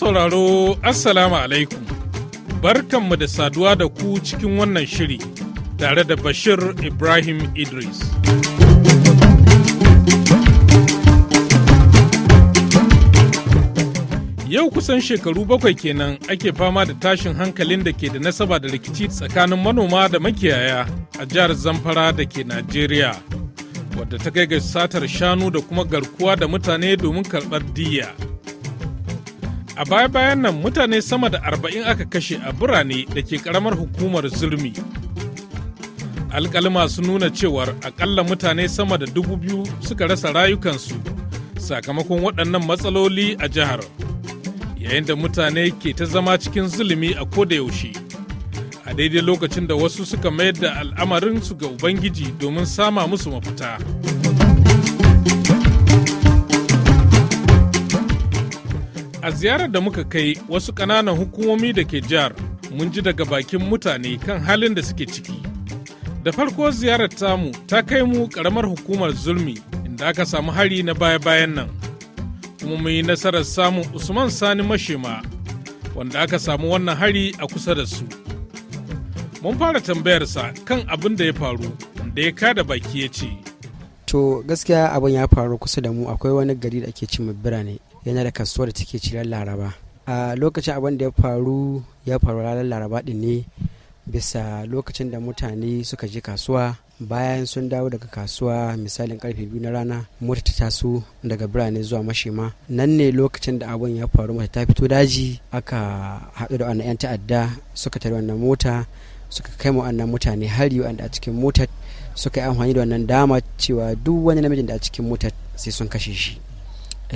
sauraro Assalamu alaikum. mu da saduwa da ku cikin wannan shiri tare da Bashir Ibrahim Idris. Yau kusan shekaru bakwai kenan ake fama da tashin hankalin da ke da nasaba da rikici tsakanin manoma da makiyaya a jihar Zamfara da ke Najeriya. wadda ta kai ga satar shanu da kuma garkuwa da mutane domin karɓar diya. A baya-bayan nan mutane sama da arba'in aka kashe a birane da ke karamar hukumar zurmi. alkalima sun nuna cewar akalla mutane sama da dubu biyu suka rasa rayukansu sakamakon waɗannan matsaloli a jihar. Yayin da mutane ke ta zama cikin zulumi a ko da yaushe. A daidai lokacin da wasu suka mayar da al'amarin su ga Ubangiji domin sama musu mafita. A ziyarar da muka kai wasu ƙananan hukumomi da ke jihar mun ji daga bakin mutane kan halin da suke ciki. Da farko ziyarar tamu ta kai mu ƙaramar hukumar zulmi inda aka samu hari na baya-bayan nan. Kuma mun yi nasarar samun Usman Sani Mashema wanda aka samu wannan hari a kusa da su. Mun fara tambayarsa kan abin da ya faru da ya kada baki ya ce. To gaskiya abin ya faru kusa da mu akwai wani gari da ake cimma birane yana da kasuwa da take cirar laraba a lokacin abin da ya faru ya faru ranar laraba din ne bisa lokacin da mutane suka je kasuwa bayan sun dawo daga kasuwa misalin karfe biyu na rana mota ta taso daga birane zuwa mashima nan ne lokacin da abin ya faru mata ta fito daji aka haɗu da wannan 'yan ta'adda suka tare wannan mota suka kai mu wannan mutane hari wanda a cikin motar suka yi amfani da wannan dama cewa duk wani namijin da a cikin motar sai sun kashe shi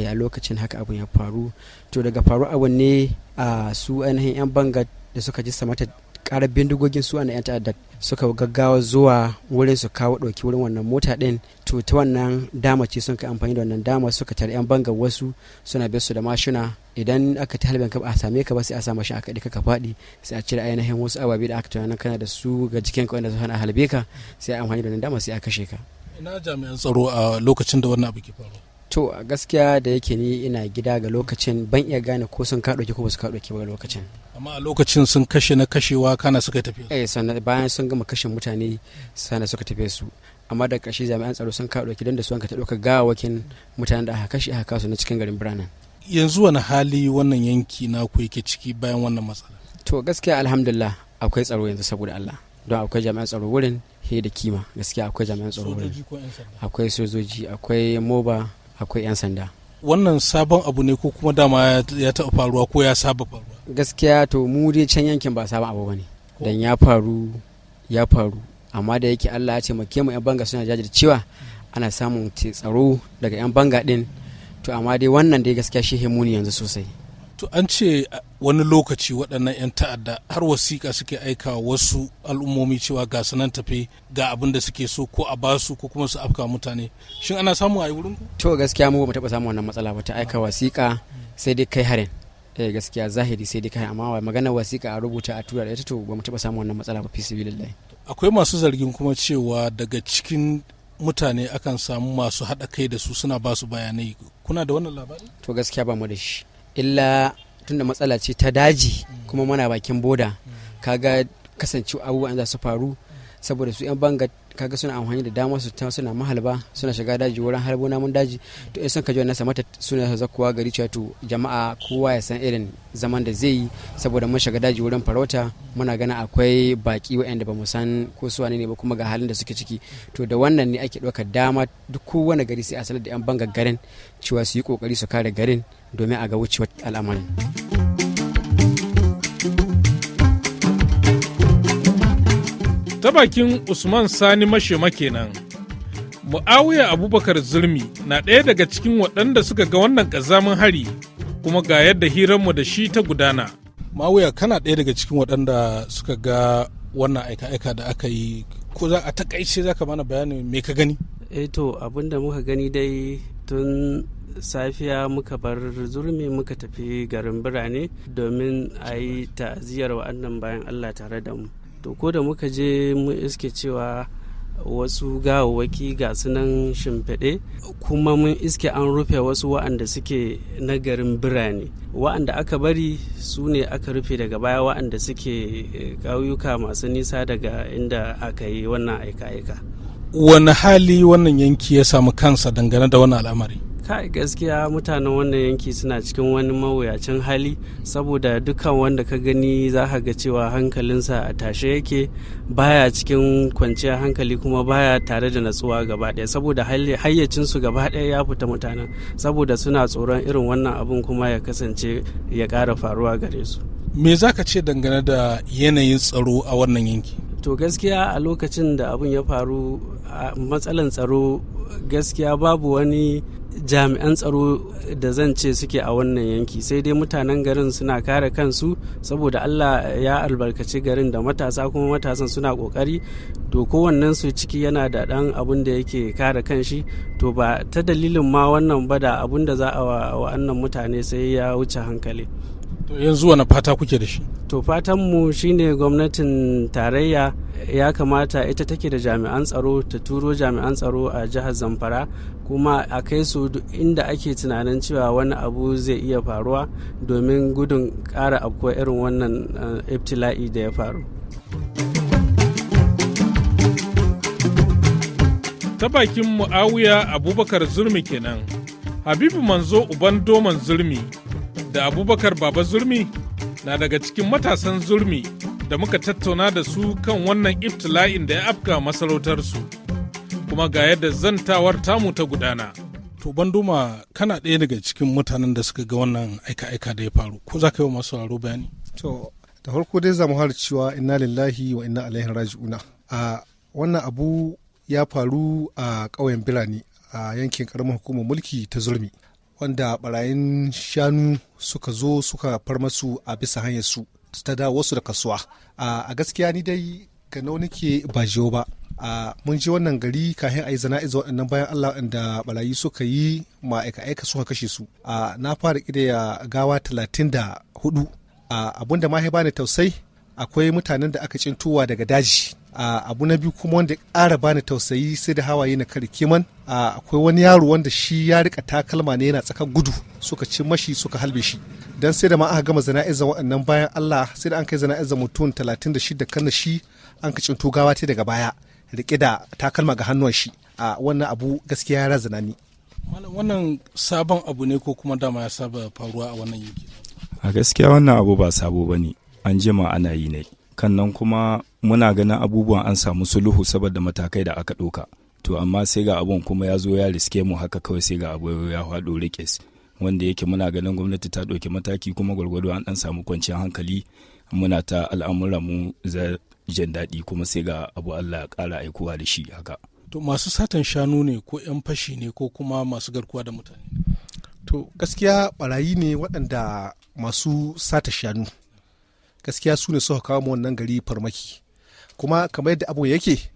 a lokacin haka abun ya faru to daga faru abu ne a su ainihin 'yan banga da suka ji samata karar bindigogin su na 'yan ta'adda suka gaggawa zuwa wurin su kawo ɗauki wurin wannan mota ɗin to ta wannan dama ce sun ka amfani da wannan dama suka tare 'yan banga wasu suna su da mashina idan aka ta halbin ka ba a same ka ba sai a sa mashin aka ka faɗi sai a cire ainihin wasu ababe da aka tunanin kana da su ga jikin ka wanda su hana halbe ka sai a amfani da wannan dama sai a kashe ka ina jami'an tsaro a lokacin da wannan abu ke faruwa to a gaskiya da yake ni ina gida ga lokacin ban iya gane ko sun kaɗo ko ba su ka ba lokacin amma a lokacin sun kashe na kashewa kana suka tafi eh sannan bayan sun gama kashe mutane sannan suka tafi su amma da ƙarshe jami'an tsaro sun kaɗo ki don da su wanka ta ɗauka gawakin mutanen da aka kashe aka kasu na cikin garin biranen yanzu wani hali wannan yanki na ku yake ciki bayan wannan matsala to gaskiya alhamdulillah akwai tsaro yanzu saboda Allah don akwai jami'an tsaro wurin he da kima gaskiya akwai jami'an tsaro wurin akwai sojoji akwai moba akwai 'yan sanda wannan sabon abu ne ko kuma dama ya taɓa faruwa ko ya saba faruwa gaskiya to mu dai can yankin ba sabon abu bane dan ya faru ya faru amma da yake Allah ya ce mu mu 'yan banga suna jajircewa ana samun tsaro daga 'yan banga din to amma dai wannan dai gaskiya shi himuni yanzu sosai to an ce wani lokaci waɗannan 'yan ta'adda har wasiƙa suke aika wasu al'ummomi cewa ga sanan tafe ga abin da suke so ko a basu ko kuma su afka mutane shin ana samu a wurin ku to gaskiya mu ba mu taɓa samu wannan matsala ba ta aika wasiƙa sai dai kai harin eh gaskiya zahiri sai dai kai amma magana wasiƙa a rubuta a tura da ita to ba mu taɓa samu wannan matsala ba fi lallai akwai masu zargin kuma cewa daga cikin mutane akan samu masu haɗa kai da su suna basu bayanai kuna da wannan labari to gaskiya ba mu da shi illa tunda matsala ce ta daji kuma muna bakin boda mm. kaga kasancewa abubuwan za su faru saboda su 'yan bangar kaga suna amfani da dama su ta suna mahalba suna shiga daji wurin harbo namun daji to in sun kaji wannan samata suna zakuwa gari cewa to jama'a kowa ya san irin zaman da zai yi saboda mun shiga daji wurin farauta muna gana akwai baki waɗanda ba mu san ko su ne ba kuma ga halin da suke ciki to da wannan ne ake ɗaukar dama duk kowane gari sai a sanar da 'yan bangar garin cewa su yi ƙoƙari su kare garin domin a ga wucewar al'amarin. ta bakin usman sani mashema kenan mu'awiya abubakar zulmi na ɗaya daga cikin waɗanda suka ga wannan ƙazamin hari kuma ga yadda hiranmu da shi ta gudana mawuya kana ɗaya daga cikin waɗanda suka ga wannan aika-aika da aka yi ko za a takaice za ka mana bayani me ka gani eto eh abin da muka gani dai tun safiya muka bar zurmi muka tafi garin birane domin a yi ta'aziyar wa'annan bayan allah tare da mu to ko da muka je mu iske cewa wasu gawawaki ga nan shimfiɗe kuma mun iske an rufe wasu wa'anda suke na garin birane wa'anda aka bari su ne aka rufe daga baya wa'anda suke eh, ƙauyuka masu nisa daga inda aka yi wannan aika-aika wani hali wannan yanki ya samu kansa dangane da wani al'amari kai gaskiya mutanen wannan yanki suna cikin wani mawuyacin hali saboda dukkan wanda ka gani za ka ga cewa hankalinsa a tashe yake baya cikin kwanciyar hankali kuma baya tare da natsuwa gaba ɗaya saboda hayyacinsu gaba ɗaya ya fita mutanen saboda suna tsoron irin wannan abun kuma ya kasance ya ƙara faruwa gare su me za ce dangane da yanayin tsaro a wannan yanki to gaskiya a lokacin da abun ya faru matsalan tsaro gaskiya babu wani jami'an tsaro da zan ce suke a wannan yanki sai dai mutanen garin suna kare kansu saboda allah ya albarkaci garin da matasa kuma matasan suna kokari to kowannen su ciki yana da dan abun da yake kare kanshi to ba ta dalilin ma wannan ba da abun da za a wa'annan mutane sai ya wuce hankali to yanzu wani fata kuke da shi to fatan mu shine gwamnatin tarayya ya kamata ita take da jami'an tsaro ta turo jami'an tsaro a jihar zamfara kuma a kai su inda ake tunanin cewa wani abu zai iya faruwa domin gudun ƙara abuwa irin wannan eh, iftila'i da ya faru ta bakin muawuya abubakar zurmi kenan habibu manzo uban doman zurmi da abubakar baba zurmi na daga cikin matasan zurmi da muka tattauna da su kan wannan iftila'in da ya afka masarautarsu kuma ga yadda zantawar tamu ta gudana to banduma kana ɗaya daga cikin mutanen da suka ga wannan aika-aika da ya faru ko za ka yi wa masu sauraro bayani to da farko dai za mu har cewa inna lillahi wa inna ilaihi raji'una a wannan abu ya faru a ƙauyen birane a yankin ƙaramin hukumar mulki ta zurmi wanda barayin shanu suka zo suka far masu a bisa hanyar su ta dawo wasu da kasuwa a gaskiya ni dai ga nau nake ba jiyo ba a mun ji wannan gari kafin a yi izo waɗannan bayan Allah inda barayi suka yi ma aika suka kashe su a na fara ya gawa talatin da hudu abinda ma ma bani tausai akwai mutanen da aka cintuwa daga daji abu na biyu kuma wanda ƙara bani tausayi sai da hawaye na kare kiman akwai wani yaro wanda shi ya rika takalma ne yana tsakan gudu suka ci mashi suka halbe shi dan sai da ma aka gama zana'izar waɗannan bayan Allah sai da an kai zana'izar mutum 36 kan shi an ka cinto gawa ta daga baya rike da takalma ga hannuwan shi a wannan abu gaskiya ya razana ni wannan sabon abu ne ko kuma dama ya saba faruwa a wannan yanki a gaskiya wannan abu ba sabo bane an jima ana yi ne kan nan kuma muna ganin abubuwan an samu sulhu saboda matakai da aka ɗauka to amma sai ga abun kuma ya zo ya riske mu haka kawai sai ga abu ya faɗo rikes wanda yake muna ganin gwamnati ta ɗauki mataki kuma gwargwado an ɗan samu kwanciyar hankali muna ta al'amura mu za jin daɗi kuma sai ga abu Allah ya ƙara aikowa da shi haka. To masu satan shanu ne ko 'yan fashi ne ko kuma masu garkuwa da mutane? To gaskiya barayi ne waɗanda masu sata shanu. Gaskiya su ne suka kawo wannan gari farmaki. kuma kamar yadda abu yake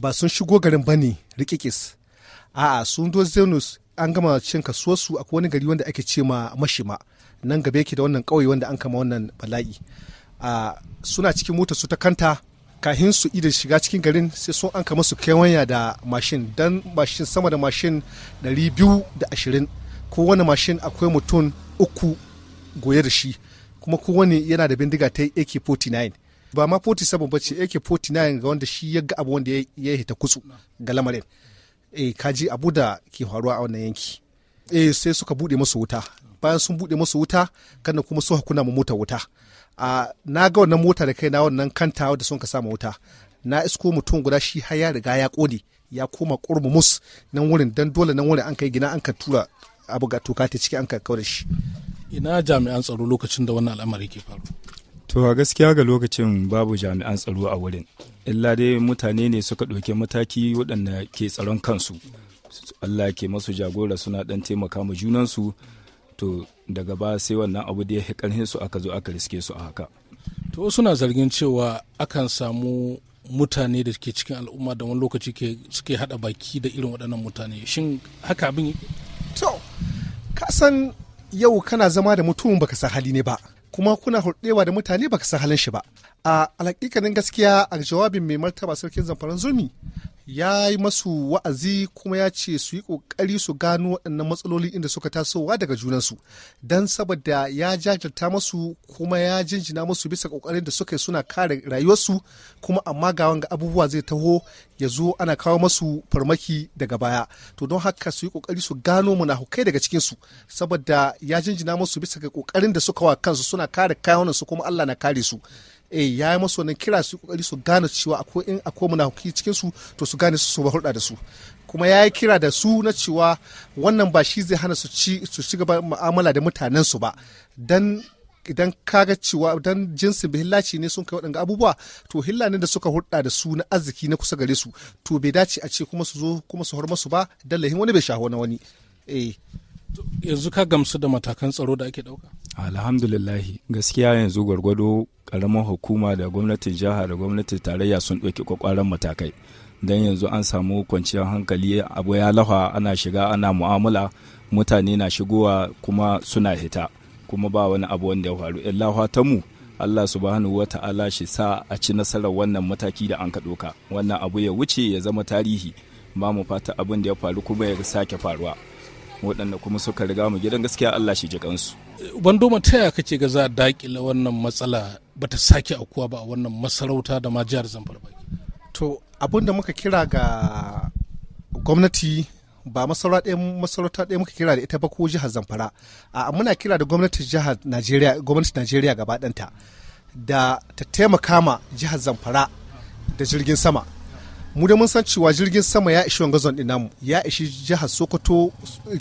ba sun shigo garin bane rikikis a'a sun zo zenus an gama cin kasuwarsu a wani gari wanda ake ce ma mashima nan gaba ke da wannan kawai wanda an kama wannan bala'i suna cikin motar su ta kanta kahin su idan shiga cikin garin sai sun an kama su kewanya da mashin dan mashin sama da mashin 220 kowane mashin akwai mutum uku goye da shi kuma kowane yana da bindiga ta ak-49 ba ma 47 ba ce ak 49 ga wanda shi ya ga abu wanda ya yi hita kutsu ga lamarin eh kaji abu da ke faruwa a wannan yanki eh sai suka bude masu wuta bayan sun bude masu wuta kana kuma su hakuna mu mota wuta a na ga wannan mota da kai na wannan kanta da sun ka sa wuta na isko mutum guda shi har ya riga ya kone ya koma kurmu mus nan wurin dan dole nan wurin an kai gina an ka tura abu ga toka ta ciki an ka kaura shi ina jami'an tsaro lokacin da wannan al'amari ke faru to a gaskiya ga lokacin babu jami'an tsaro a wurin illa dai mutane ne suka ɗauki mataki waɗanda ke tsaron kansu allah ke masu jagora suna ɗan taimaka mu junansu to daga ba sai wannan abu da ya fi ƙarhin su aka zo aka riske su a haka to suna zargin cewa akan samu mutane da ke cikin al'umma da wani lokaci suke haɗa baki da irin waɗannan mutane shin haka abin to ka san yau kana zama da mutumin baka san hali ne ba kuma kuna hulɗewa da mutane baka san halin shi ba a alaƙiƙanin gaskiya a jawabin mai martaba sarkin zamfara zumi. ya yi masu wa'azi kuma ya ce su yi ƙoƙari su gano waɗannan matsaloli inda suka tasowa daga junansu don saboda ya jajirta masu kuma ya jinjina masu bisa ƙoƙarin da suka yi suna kare rayuwarsu kuma amma ga wanga abubuwa zai taho ya zo ana kawo masu farmaki daga baya to don haka su yi ƙoƙari su gano munafukai daga cikinsu saboda ya jinjina masu bisa ga ƙoƙarin da suka wa kansu suna kare kayan kayanansu kuma Allah na kare su eh ya yi masu wannan kira su kokari su gane cewa akwai in akwai munafuki cikin su to su gane su ba hulɗa da su kuma ya yi kira da su na cewa wannan ba shi zai hana su ci su ci gaba mu'amala da mutanen su ba dan idan ga cewa dan jinsin hillaci ne sun kai waɗanga abubuwa to hilla ne da suka hulɗa da su na arziki na kusa gare su to bai dace a ce kuma su zo kuma su hormasu ba dan lahin wani bai shaho na wani eh yanzu ka gamsu da matakan tsaro da ake ɗauka alhamdulillahi gaskiya yanzu gwargwado karamar hukuma da gwamnatin jiha da gwamnatin tarayya sun ɗauki kwakwaran matakai don yanzu an samu kwanciyar hankali abu ya lafa ana shiga ana mu'amala mutane na shigowa kuma suna hita kuma ba wani abu wanda ya faru illa ta mu Allah subhanahu wa ta'ala shi sa a ci nasarar wannan mataki da an ka ɗauka wannan abu ya wuce ya zama tarihi ba mu fata abin da ya faru kuma ya sake faruwa waɗanda kuma suka riga mu gidan gaskiya Allah shi ji kansu bandoma ta yaya kake ga za a dakile wannan matsala ba ta sake akuwa ba a wannan masarauta da ma jihar zamfara ba to abin da muka kira ga gwamnati ba masarauta ɗaya muka kira da ita ba ko jihar zamfara a muna kira da gwamnatin jihar najeriya gwamnatin najeriya gaba ɗanta da ta taimaka ma jihar zamfara da jirgin sama mu da mun san cewa jirgin sama ya ishi wangazon ɗin namu ya ishi jihar sokoto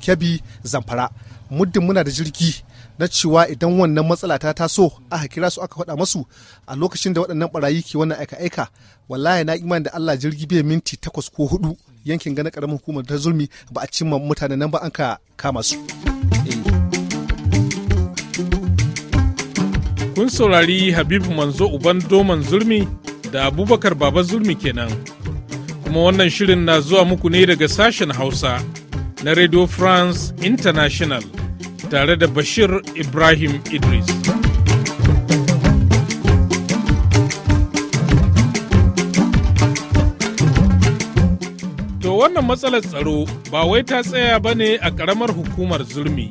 kebbi zamfara muddin muna da jirgi na cewa idan wannan matsala ta taso aka kira su aka faɗa masu a lokacin da waɗannan barayi ke wannan aika-aika wallahi na imani da Allah jirgi bai minti takwas ko hudu yankin gana ƙaramin hukumar ta zulmi ba a cimma mutanen nan ba an ka kama su. Kun saurari Habibu Manzo Uban Doman Zulmi da Abubakar Baba Zulmi kenan. Kuma wannan shirin na zuwa muku ne daga sashen Hausa na Radio France International. tare da Bashir Ibrahim Idris. To wannan matsalar tsaro ba wai ta tsaya ba ne a ƙaramar hukumar zurmi.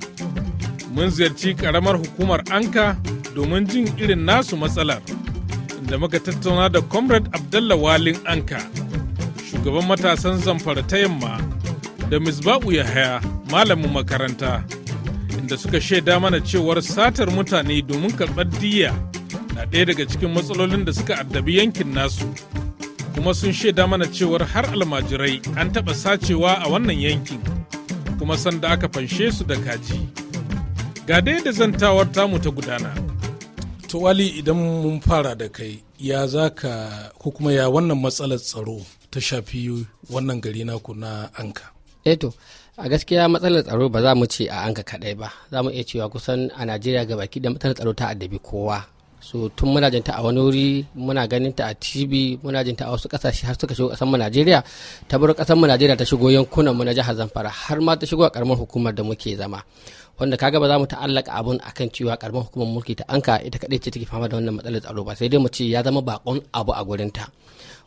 Mun ziyarci ƙaramar hukumar Anka domin jin irin nasu matsalar, inda muka tattauna da Comrade Abdallah Walin Anka, shugaban matasan zamfara ta yamma, da Misbahu Yahaya, malamin makaranta. Da suka shaida mana cewar satar mutane domin karɓar diya na ɗaya daga cikin matsalolin da suka addabi yankin nasu kuma sun shaida mana cewar har almajirai an taɓa sacewa a wannan yankin kuma sanda aka fanshe su da kaji ga dai da zantawar tamu ta gudana to wali idan mun fara da kai ya za ka ko kuma ya wannan matsalar tsaro ta shafi wannan gari naku na anka eto eh a gaskiya matsalar tsaro ba za mu ce a anka kadai ba za mu iya cewa kusan a najeriya ga baki da matsalar tsaro ta addabi kowa so tun muna jinta a wani wuri muna ganin ta a tv muna jinta a wasu kasashe har suka shigo kasar mu najeriya ta bar kasar mu najeriya ta shigo yankunan mu na jihar zamfara har ma ta shigo a karamar hukumar da muke zama wanda kaga ba za mu ta'allaka abun akan cewa karamar hukumar mulki ta anka ita kadai ce take fama da wannan matsalar tsaro ba sai dai mu ce ya zama bakon abu a gurin ta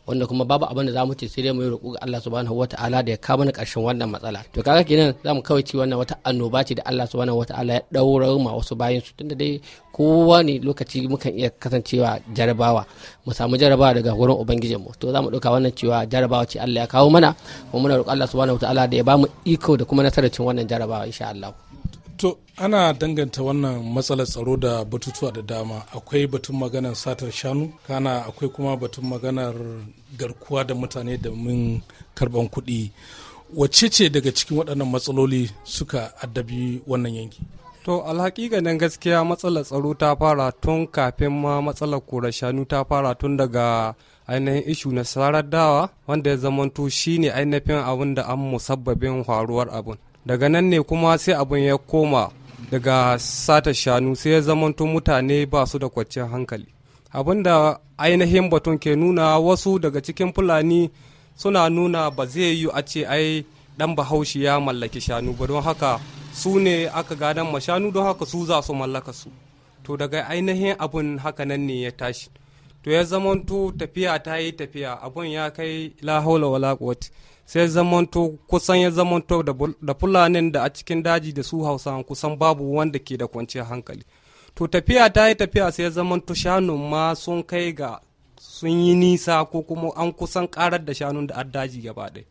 wanda kuma babu abin da za mu ce sai dai mu yi roƙo ga Allah subhanahu wataala da ya kawo mana ƙarshen wannan matsala to kaga kenan za mu kawai ci wannan wata annoba ce da Allah subhanahu wataala ya daura ma wasu bayan su tunda dai kowa ne lokaci mukan iya kasancewa jarabawa mu samu jarabawa daga wurin ubangijin mu to za mu ɗauka wannan cewa jarabawa ce Allah ya kawo mana kuma muna roƙo Allah subhanahu wataala da ya ba mu iko da kuma nasarar cin wannan jarabawa insha Allah To ana danganta wannan matsalar tsaro da batutuwa da dama akwai batun maganar satar shanu kana akwai kuma batun maganar garkuwa da mutane da mun karban kuɗi wacce ce daga cikin waɗannan matsaloli suka addabi wannan yanki to alhaƙiƙanin gaskiya matsalar tsaro ta fara tun kafin ma matsalar kura shanu ta fara tun daga ainihin ishu na sarar dawa wanda ya zamanto shine ainihin abin da an musabbabin faruwar abin daga nan ne kuma sai abin ya koma daga sata shanu sai ya zamanto mutane ba su da kwanciyar hankali abin da ainihin batun ke nuna wasu daga cikin fulani suna nuna ba zai yi a ce ai dan bahaushe ya mallaki shanu ba don haka su ne aka gadon ma shanu don haka su za su mallaka su to daga ainihin abin haka nan ne ya tashi to ya zamanto tafiya ta yi tafiya abun ya kai lahola wa wala sai zamanto kusan ya zamanto da fulanin da a cikin daji da su hausa kusan babu wanda ke da kwanciyar hankali to tafiya ta yi tafiya sai zamanto shanu ma sun kai ga sun yi nisa ko kuma an kusan karar da shanun da daji gaba ɗaya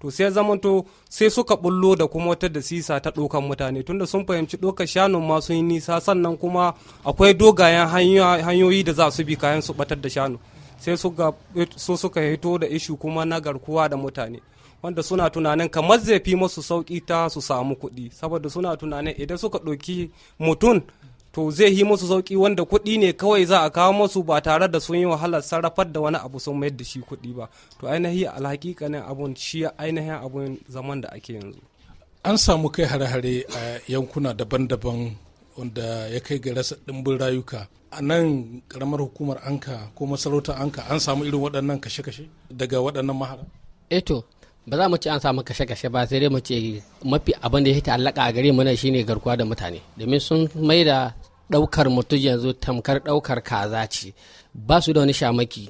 to sai zamanto sai suka bullo da kuma wata da sisa ta dokan mutane tunda sun fahimci dokar shanun masu sun yi nisa sannan kuma akwai dogayen hanyoyi da za su bi kayan su batar da shanu sai su suka hito da ishu kuma na garkuwa da mutane wanda suna tunanin kamar zai fi masu sauki ta su samu kuɗi saboda suna tunanin idan suka ɗauki mutum to zai yi musu sauki wanda kuɗi ne kawai za a kawo musu ba tare da sun yi wahalar sarrafar da wani abu sun mayar da shi kuɗi ba to ainihi ne abun shi ainihin abun zaman da ake yanzu an samu kai hare-hare a yankuna daban-daban wanda ya kai ga rasa ɗimbin rayuka a nan karamar hukumar anka ko masarautar anka an samu irin waɗannan kashe-kashe daga waɗannan mahara eto eh ba za mu ce an samu kashe-kashe ba sai dai mu ce mafi abin da ya alaka a gare mu shine garkuwa da mutane domin sun maida ɗaukar mutum yanzu tamkar ɗaukar kaza ce ba su da wani shamaki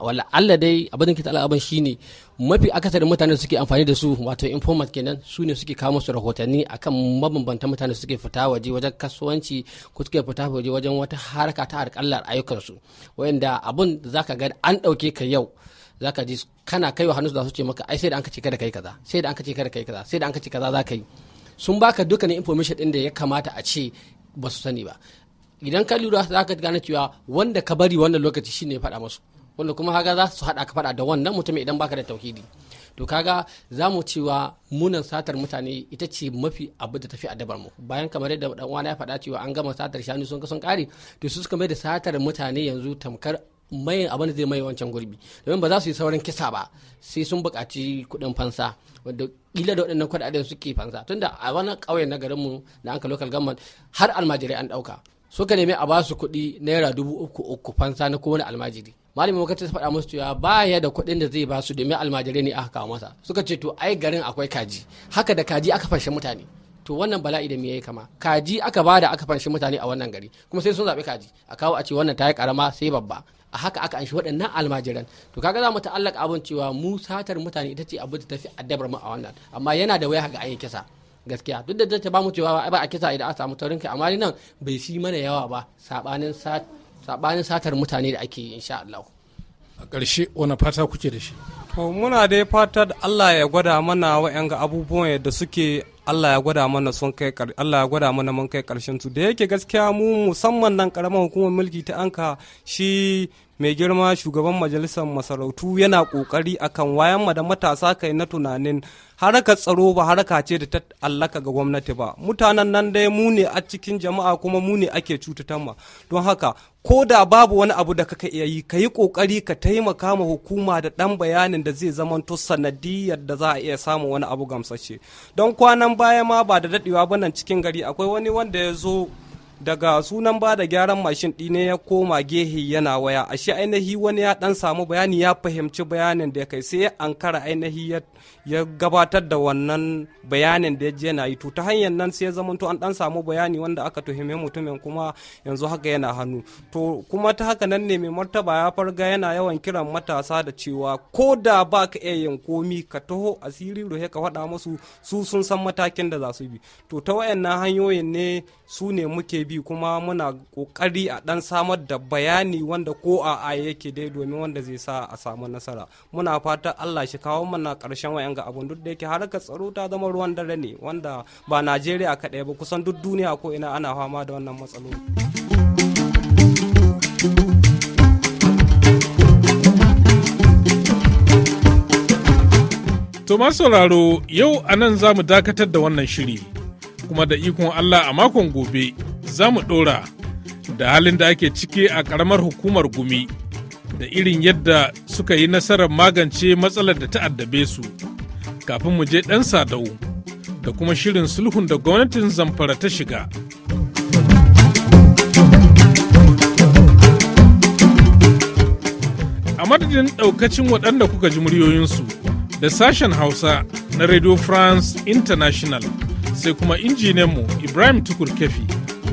wala Allah dai abin ke ta'ala shine mafi akasari mutane suke amfani da su wato informat kenan su ne suke kawo musu rahotanni akan mabambanta mutane suke fita waje wajen kasuwanci ko suke fita waje wajen wata harka ta harkallar ayyukansu wanda abin zaka ga an ɗauke ka yau zaka ji kana kaiwa hannu za su ce maka ai sai da an ka ce kada kai kaza sai da an ka ce kada kai kaza sai da an ka ce kaza za ka yi sun baka dukkanin information din da ya kamata a ce ba su sani ba idan ka lura za ka gane cewa wanda ka bari wannan lokaci shine ya faɗa musu wanda kuma kaga za su haɗa ka faɗa da wannan mutumin idan baka da tauhidi to kaga za mu cewa munan satar mutane ita ce mafi abu da tafi a dabar mu bayan kamar yadda dan uwana ya faɗa cewa an gama satar shanu sun sun kare to su suka mai da satar mutane yanzu tamkar mai abin da zai mai wancan gurbi domin ba za su yi saurin kisa ba sai sun bukaci kuɗin fansa wanda ƙila da waɗannan kuɗaɗen suke fansa tunda a wani ƙauye na garinmu na anka local government har almajirai an ɗauka suka nemi a ba su kuɗi naira dubu uku uku fansa na kowane almajiri malamin makarantar ta faɗa musu cewa ya da kuɗin da zai ba su domin almajirai ne aka kawo masa suka ce to ai garin akwai kaji haka da kaji aka fashe mutane to wannan bala'i da me yayi kama kaji aka bada aka fanshi mutane a wannan gari kuma sai sun zabi kaji a kawo a ce wannan ta yi karama sai babba a haka aka anshi waɗannan almajiran to kaga za mu ta'allaka abin cewa mu satar mutane ita ce abu da tafi addabar mu a wannan amma yana da waya ga a yi kisa gaskiya duk da zata ba mu cewa ba a kisa idan a samu taurin kai amma nan bai shi mana yawa ba sabanin satar mutane da ake insha Allah a ƙarshe wani fata kuke da shi muna dai fata da Allah ya gwada mana wa'yan ga abubuwan da suke Allah ya gwada mana sun kai Allah ya gwada mana mun kai karshen su da yake gaskiya mu musamman nan karamar hukumar mulki ta anka shi mai girma shugaban majalisar masarautu yana kokari akan wayan ma da matasa kai na tunanin haraka tsaro ba haraka ce da ta allaka ga gwamnati ba mutanen nan dai mu ne a cikin jama'a kuma mu ne ake cutata ma don haka ko da babu wani abu da kaka iya yi ka yi kokari ka taimaka ma hukuma da dan bayanin da zai zamanto sanadiyar da za a iya samun wani abu gamsashe don kwanan baya ma ba da dadewa ba nan cikin gari akwai wani wanda ya zo daga sunan ba da gyaran mashin ɗine ya koma gehe yana waya ashe ainihi wani ya dan samu bayani ya fahimci bayanin da ya kai sai an kara ainihi ya gabatar da wannan bayanin da ya je yana yi to ta hanyar nan sai ya zamanto an dan samu bayani wanda aka tuhime mutumin kuma yanzu haka yana hannu to kuma ta haka nan ne mai martaba ya farga yana yawan kiran matasa da cewa ko da ba ka iya yin komi ka taho asiri rohe ka faɗa musu su sun san matakin da za su bi to ta wayannan hanyoyin ne su ne muke bi kuma muna kokari a dan samar da bayani wanda ko a a yake dai domin wanda zai sa a samu nasara muna fata Allah shi kawo mana karshen wayan ga abun duk da yake harkar tsaro ta zama ruwan dare ne wanda ba Najeriya kaɗai ba kusan duk duniya ko ina ana fama da wannan matsaloli. To sauraro yau a nan za mu dakatar da wannan shiri, kuma da ikon Allah a makon gobe za mu ɗora da halin da ake ciki a ƙaramar hukumar gumi da irin yadda suka yi nasarar magance matsalar da ta addabe su kafin mu je ɗan sadau da kuma shirin sulhun da gwamnatin zamfara ta shiga. a madadin ɗaukacin waɗanda kuka ji muryoyinsu da sashen hausa na radio france international sai kuma injinanmu ibrahim tukur kefi